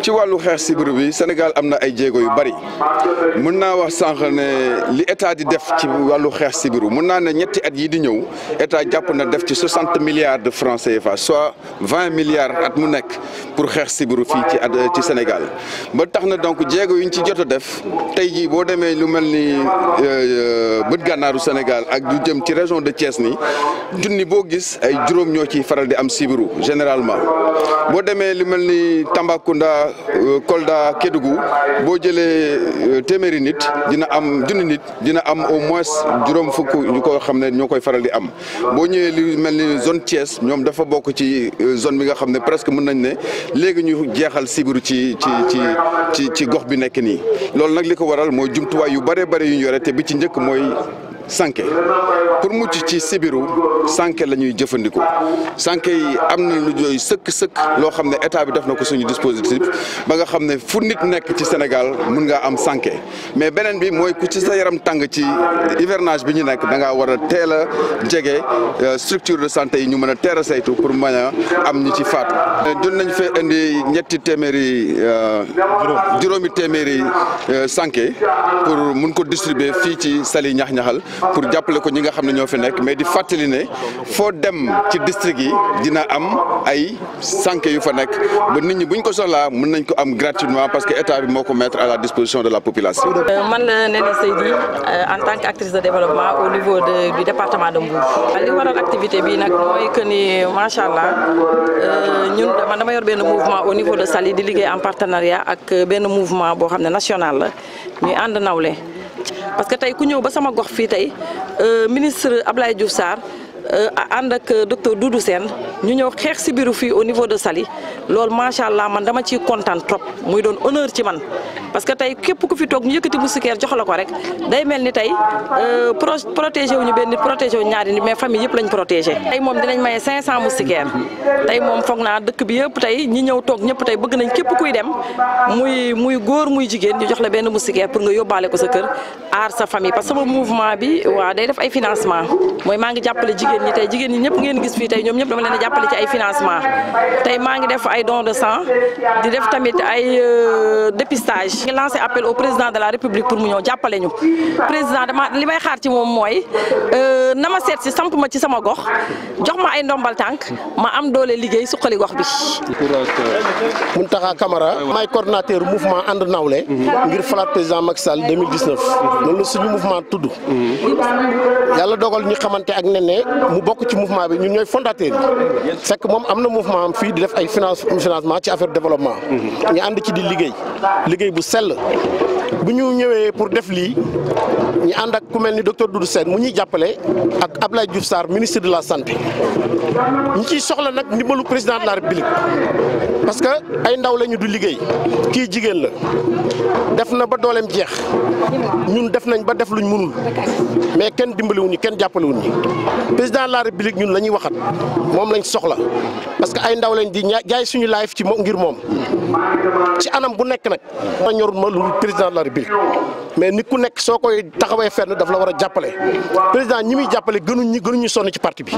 ci walu xex sibiru bi Sénégal amna ay djego yu bari mën wax sànq ne li état di def ci walu xex sibiru mën ne ñetti at yi di ñew état jàpp na def ci soixante milliards de francs CFA soit 20 milliards at mu nek pour xex sibiru fi ci Sénégal ba tax donc djego yuñ ci jot def tay ji bo lu melni euh, ganaru senegal Sénégal ak du jëm ci région de Thiès ni junni bo gis ay djuroom ñoo faral di am sibiru généralement bo demee lu melni tambakunda Touba euh, Kolda Kédougou boo jëlee euh, téeméeri nit dina am junni nit dina am au moins juróom fukk ñu ko xam ne ñoo koy faral di am boo ñëwee li mel ni zone Thiès ñoom dafa bokk ci euh, zone bi nga xam ne presque mun nañ ne léegi ñu jeexal sibiru ci ci ci ci ci gox bi nekk nii loolu nag li ko waral mooy jumtuwaay yu bare bare yu ñu yore te bi ci njëkk mooy sànke pour mucc ci sibiru sànke la ñuy jëfandikoo sànke yi am na lu ñooy sëkk-sëkk loo xam ne état bi def na ko suñu dispositif ba nga xam ne fu nit nekk ci Sénégal mun ngaa am sànke mais beneen bi mooy ku ci sa yaram tàng ci hivernage bi ñu nekk da ngaa war a teel a jege euh, structure de santé yi ñu mën a teel a saytu pour mën a am ñu ci faatu euh, jot nañ fee indi ñetti téeméeri euh, juróomi téeméeri sanke pour mun ko distribuer fii ci sali ñax-ñaxal pour jàppale ko ñi nga xam ne ñoo fi nekk mais di fàttali né fo dem ci district yi dina am ay sanké yu fa nek ba nit ñi buñ ko soxlaa mën nañ ko am gratuitement parce que état bi moko mettre à la disposition de la population. Euh, man la euh, Néné Seydi euh, en tant qu'actrice de développement au niveau de du département de Mbour. li waral activité bi nak moy que ni machallah allah ñun man dama yor benn mouvement au niveau de Saly di liggéey en partenariat ak benn mouvement bo xamné national la ñuy and nawlé parce que tey ku ñëw ba sama gox fii tey euh, ministre Abdoulaye Diouf Sarr Euh, ànd ak euh, docteur Doudou Sène ñu ñëw xeex si biiru fii au niveau de sali lool macha allah man dama ciy kontaan trop muy doon honneur ci man parce que tey képp ku fi toog ñu yëkkati moustiquaire jox la ko rek day mel ni tey euh, pro protégé wu ñu benn nit protégé wu ñaari nit mais famille yëpp lañ protégé. tey moom dinañ maye 500 moustiquaire tey moom foog naa dëkk bi yëpp tey ñi ñëw toog ñëpp tey bëgg nañ képp kuy dem muy muy góor muy jigéen ñu jox la benn moustiquaire pour nga yóbbaale ko sa kër aar sa parce que mouvement bi waaw day def ay financement jigéen ñi tey jigéen ñi ñëpp ngeen gis fii tey ñoom ñëpp dama leen a jàppale ci ay financement tey maa ngi def ay don de sang di def tamit ay euh, dépistage ngi lancé appel au président de la république pour mu ñëw jàppale ñu président dama li may xaar ci moom mooy euh, na ma seet si samp ma ci sama gox jox ma ay ndombal tànk ma am doole liggéey suqali gox bi taxa Camara maay coordonnateur mouvement ànd nawle ngir falaat président Macky Sall 2019 loolu suñu mouvement tudd mmh. yàlla dogal mu bokk ci mouvement bi ñun ñooy fondateur yi moom am na mouvement am fii di def ay finance financement ci affaire développement mhm. ñu ànd ci di liggéey liggéey bu sell bu ñu ñëwee pour def lii ñu ànd ak ku mel ni docteur Doudou Sène mu ñuy jàppale ak Abdoulaye Diouf Sarr ministre de la santé ñi ciy soxla nag ndimbalu président de la république parce que ay ndaw lañu du liggéey kii jigéen la def na ba dooleem jeex ñun def nañ ba def luñ munul mais kenn dimbaliwuñu kenn jàppalewuñ ñi président de la république ñun la ñuy waxat moom lañ soxla parce que ay ndaw lañ di jaay suñu life ci moom ngir moom ci anam bu nekk nag a ñorul ma lu président de la mais nit ku nekk soo koy taxawee fenn daf la war a jàppale président ñi muy jàppale gënuñ ñi gënuñu sonn ci parti bi